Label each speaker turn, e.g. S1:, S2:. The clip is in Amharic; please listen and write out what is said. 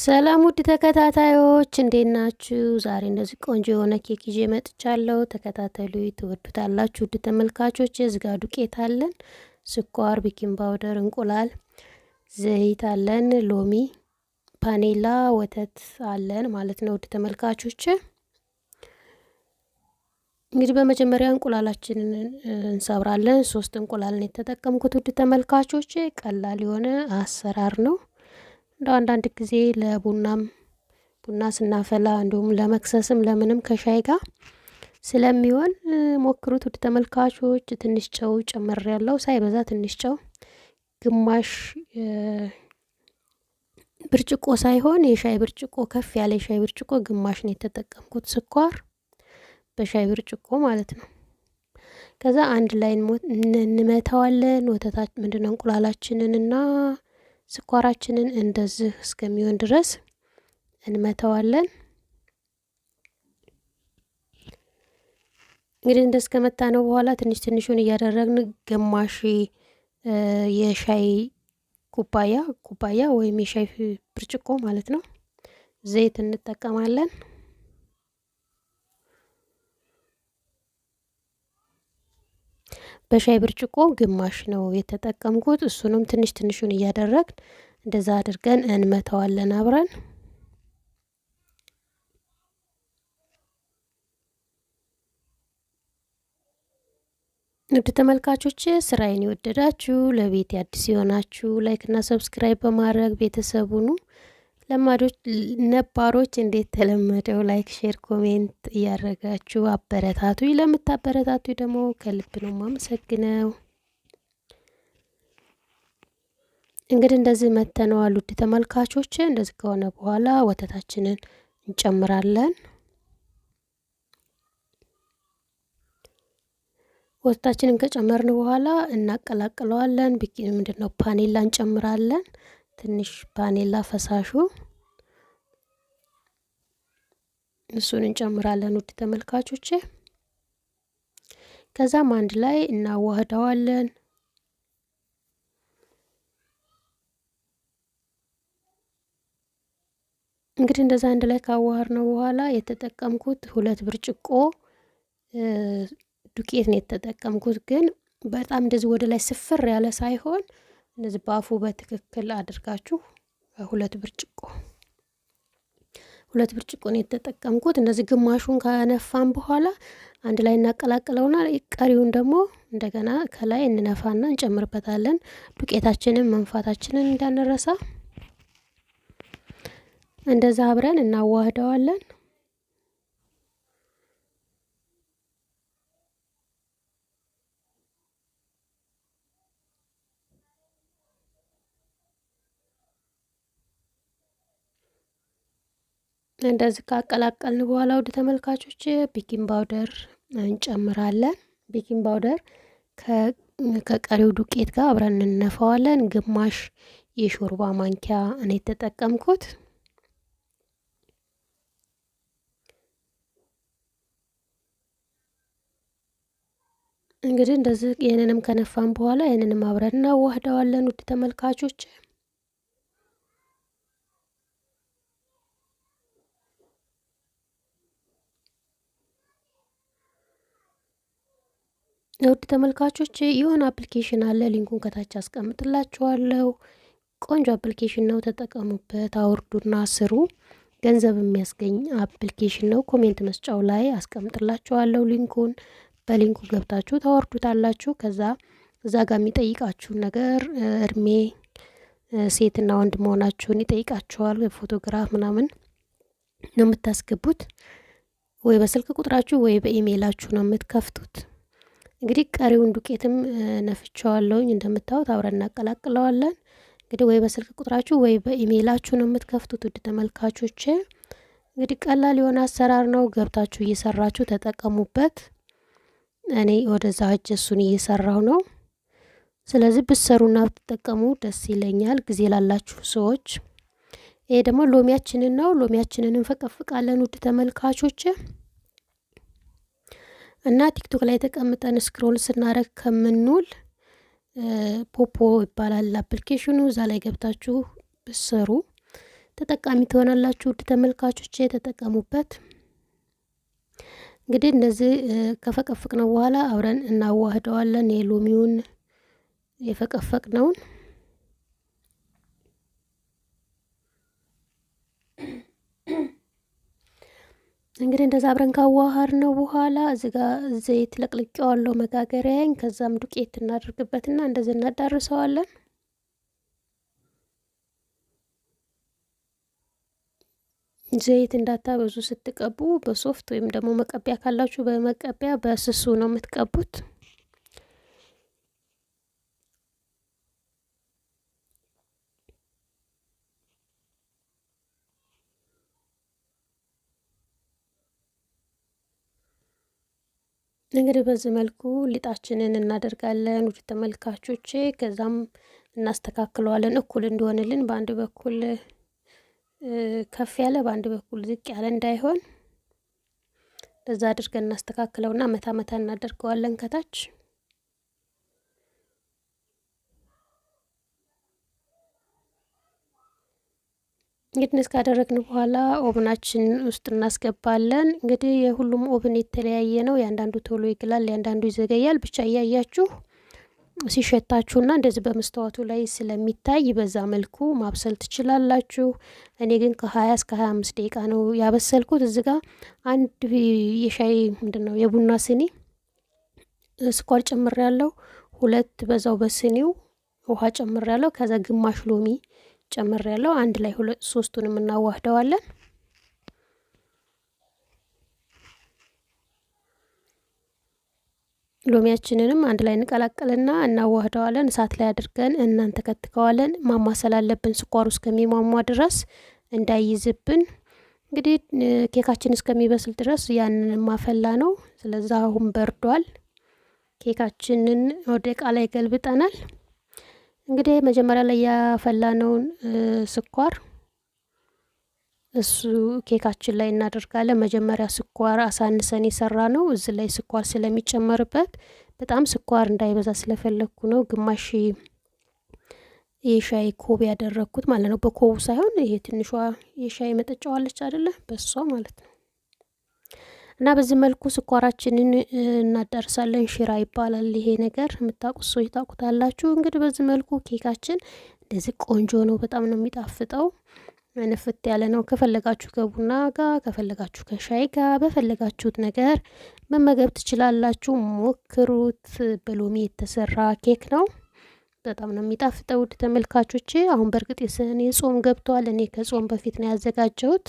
S1: ሰላም ውድ ተከታታዮች እንዴት ናችሁ? ዛሬ እንደዚህ ቆንጆ የሆነ ኬክ ይዤ መጥቻለሁ። ተከታተሉ፣ ትወዱታላችሁ። ውድ ተመልካቾች የዝጋ ዱቄት አለን፣ ስኳር፣ ቤኪንግ ፓውደር፣ እንቁላል፣ ዘይት አለን፣ ሎሚ፣ ፓኔላ፣ ወተት አለን ማለት ነው። ውድ ተመልካቾች እንግዲህ በመጀመሪያ እንቁላላችንን እንሰብራለን። ሶስት እንቁላልን የተጠቀምኩት ውድ ተመልካቾች ቀላል የሆነ አሰራር ነው። እንደ አንዳንድ ጊዜ ለቡናም ቡና ስናፈላ እንዲሁም ለመክሰስም ለምንም ከሻይ ጋር ስለሚሆን ሞክሩት ውድ ተመልካቾች። ትንሽ ጨው ጨመር ያለው ሳይበዛ ትንሽ ጨው ግማሽ ብርጭቆ ሳይሆን የሻይ ብርጭቆ ከፍ ያለ የሻይ ብርጭቆ ግማሽ ነው የተጠቀምኩት። ስኳር በሻይ ብርጭቆ ማለት ነው። ከዛ አንድ ላይ እንመታዋለን። ወተታ ምንድነው እንቁላላችንን እና ስኳራችንን እንደዚህ እስከሚሆን ድረስ እንመተዋለን። እንግዲህ እንደ ከመታ ነው በኋላ ትንሽ ትንሹን እያደረግን ግማሽ የሻይ ኩባያ ኩባያ ወይም የሻይ ብርጭቆ ማለት ነው ዘይት እንጠቀማለን። በሻይ ብርጭቆ ግማሽ ነው የተጠቀምኩት። እሱንም ትንሽ ትንሹን እያደረግን እንደዛ አድርገን እንመተዋለን አብረን ንግድ ተመልካቾች ስራዬን የወደዳችሁ ለቤት አዲስ የሆናችሁ ላይክና ሰብስክራይብ በማድረግ ቤተሰቡኑ ለማዶች ነባሮች እንዴት ተለመደው ላይክ፣ ሼር፣ ኮሜንት እያደረጋችሁ አበረታቱ። ለምታበረታቱ ደግሞ ከልብ ነው ማመሰግነው። እንግዲህ እንደዚህ መተነዋል ውድ ተመልካቾች። እንደዚህ ከሆነ በኋላ ወተታችንን እንጨምራለን። ወተታችንን ከጨመርን በኋላ እናቀላቅለዋለን። ምንድን ነው ፓኔላ እንጨምራለን። ትንሽ ቫኔላ ፈሳሹ እሱን እንጨምራለን ውድ ተመልካቾቼ። ከዛም አንድ ላይ እናዋህደዋለን። እንግዲህ እንደዛ አንድ ላይ ካዋህር ነው በኋላ የተጠቀምኩት ሁለት ብርጭቆ ዱቄት ነው የተጠቀምኩት። ግን በጣም እንደዚህ ወደ ላይ ስፍር ያለ ሳይሆን እነዚህ በአፉ በትክክል አድርጋችሁ ሁለት ብርጭቆ ሁለት ብርጭቆ ነው የተጠቀምኩት። እነዚህ ግማሹን ከነፋን በኋላ አንድ ላይ እናቀላቅለውና ቀሪውን ደግሞ እንደገና ከላይ እንነፋና እንጨምርበታለን። ዱቄታችንን መንፋታችንን እንዳንረሳ እንደዛ አብረን እናዋህደዋለን። እንደዚህ ካቀላቀልን በኋላ ወደ ተመልካቾች ቢኪንግ ባውደር እንጨምራለን። ቢኪንግ ባውደር ከቀሪው ዱቄት ጋር አብረን እንነፋዋለን። ግማሽ የሾርባ ማንኪያ እኔ የተጠቀምኩት እንግዲህ እንደዚህ ይህንንም ከነፋን በኋላ ይህንንም አብረን እናዋህደዋለን። ውድ ተመልካቾች ውድ ተመልካቾች የሆነ አፕሊኬሽን አለ፣ ሊንኩን ከታች አስቀምጥላችኋለሁ። ቆንጆ አፕሊኬሽን ነው፣ ተጠቀሙበት፣ አውርዱና ስሩ። ገንዘብ የሚያስገኝ አፕሊኬሽን ነው። ኮሜንት መስጫው ላይ አስቀምጥላችኋለሁ ሊንኩን። በሊንኩ ገብታችሁ ታወርዱታላችሁ። ከዛ እዛ ጋር የሚጠይቃችሁን ነገር እድሜ፣ ሴትና ወንድ መሆናችሁን ይጠይቃችኋል። ፎቶግራፍ ምናምን ነው የምታስገቡት። ወይ በስልክ ቁጥራችሁ ወይ በኢሜይላችሁ ነው የምትከፍቱት። እንግዲህ ቀሪውን ዱቄትም ነፍቸዋለውኝ እንደምታዩት አብረን እናቀላቅለዋለን። እንግዲህ ወይ በስልክ ቁጥራችሁ ወይ በኢሜይላችሁ ነው የምትከፍቱት ውድ ተመልካቾቼ። እንግዲህ ቀላል የሆነ አሰራር ነው። ገብታችሁ እየሰራችሁ ተጠቀሙበት። እኔ ወደዛ እጅ እሱን እየሰራሁ ነው። ስለዚህ ብትሰሩና ብትጠቀሙ ደስ ይለኛል። ጊዜ ላላችሁ ሰዎች ይሄ ደግሞ ሎሚያችንን ነው። ሎሚያችንን እንፈቀፍቃለን ውድ ተመልካቾች። እና ቲክቶክ ላይ ተቀምጠን ስክሮል ስናረግ ከምንውል ፖፖ ይባላል አፕሊኬሽኑ። እዛ ላይ ገብታችሁ ብሰሩ ተጠቃሚ ትሆናላችሁ። ውድ ተመልካቾች የተጠቀሙበት። እንግዲህ እንደዚህ ከፈቀፍቅ ነው በኋላ አብረን እናዋህደዋለን የሎሚውን የፈቀፈቅ ነውን እንግዲህ እንደዛ አብረን ካዋሃር ነው በኋላ እዚ ጋ ዘይት ለቅልቄዋለሁ መጋገሪያኝ። ከዛም ዱቄት እናደርግበትና እንደዚህ እናዳርሰዋለን። ዘይት እንዳታበዙ ስትቀቡ፣ በሶፍት ወይም ደግሞ መቀቢያ ካላችሁ በመቀቢያ በስሱ ነው የምትቀቡት። እንግዲህ በዚህ መልኩ ሊጣችንን እናደርጋለን ውድ ተመልካቾቼ። ከዛም እናስተካክለዋለን እኩል እንዲሆንልን በአንድ በኩል ከፍ ያለ በአንድ በኩል ዝቅ ያለ እንዳይሆን፣ ለዛ አድርገን እናስተካክለውና መታ መታ እናደርገዋለን ከታች እንግዲህ ካደረግን በኋላ ኦብናችን ውስጥ እናስገባለን። እንግዲህ የሁሉም ኦብን የተለያየ ነው። ያንዳንዱ ቶሎ ይግላል፣ ያንዳንዱ ይዘገያል። ብቻ እያያችሁ ሲሸታችሁና እንደዚህ በመስተዋቱ ላይ ስለሚታይ በዛ መልኩ ማብሰል ትችላላችሁ። እኔ ግን ከ እስከ እስከ 25 ደቂቃ ነው ያበሰልኩት። እዚ ጋ አንድ የሻይ ምንድን ነው የቡና ስኒ ስኳር ጨምሬያለሁ። ሁለት በዛው በስኒው ውሃ ጨምሬያለሁ። ከዛ ግማሽ ሎሚ ጨምር ያለው አንድ ላይ ሁለት ሶስቱንም እናዋህደዋለን። ሎሚያችንንም አንድ ላይ እንቀላቀልና እናዋህደዋለን። እሳት ላይ አድርገን እናንተከትከዋለን። ማማሰል አለብን ስኳሩ እስከሚሟሟ ድረስ እንዳይዝብን እንግዲህ ኬካችን እስከሚበስል ድረስ ያንን ማፈላ ነው። ስለዛ አሁን በርዷል። ኬካችንን ወደ እቃ ላይ ገልብጠናል። እንግዲህ መጀመሪያ ላይ ያፈላነውን ስኳር እሱ ኬካችን ላይ እናደርጋለን። መጀመሪያ ስኳር አሳንሰን የሰራ ነው። እዚህ ላይ ስኳር ስለሚጨመርበት በጣም ስኳር እንዳይበዛ ስለፈለግኩ ነው። ግማሽ የሻይ ኮብ ያደረግኩት ማለት ነው። በኮቡ ሳይሆን ይሄ ትንሿ የሻይ መጠጫዋለች አይደለ? በሷ ማለት ነው። እና በዚህ መልኩ ስኳራችንን እናዳርሳለን። ሽራ ይባላል ይሄ ነገር የምታውቁት ሰዎች ታውቁታላችሁ። እንግዲህ በዚህ መልኩ ኬካችን እንደዚህ ቆንጆ ነው። በጣም ነው የሚጣፍጠው። ንፍት ያለ ነው። ከፈለጋችሁ ከቡና ጋር፣ ከፈለጋችሁ ከሻይ ጋር፣ በፈለጋችሁት ነገር መመገብ ትችላላችሁ። ሞክሩት። በሎሚ የተሰራ ኬክ ነው። በጣም ነው የሚጣፍጠው። ውድ ተመልካቾቼ፣ አሁን በእርግጥ የሰኔ ጾም ገብተዋል። እኔ ከጾም በፊት ነው ያዘጋጀሁት።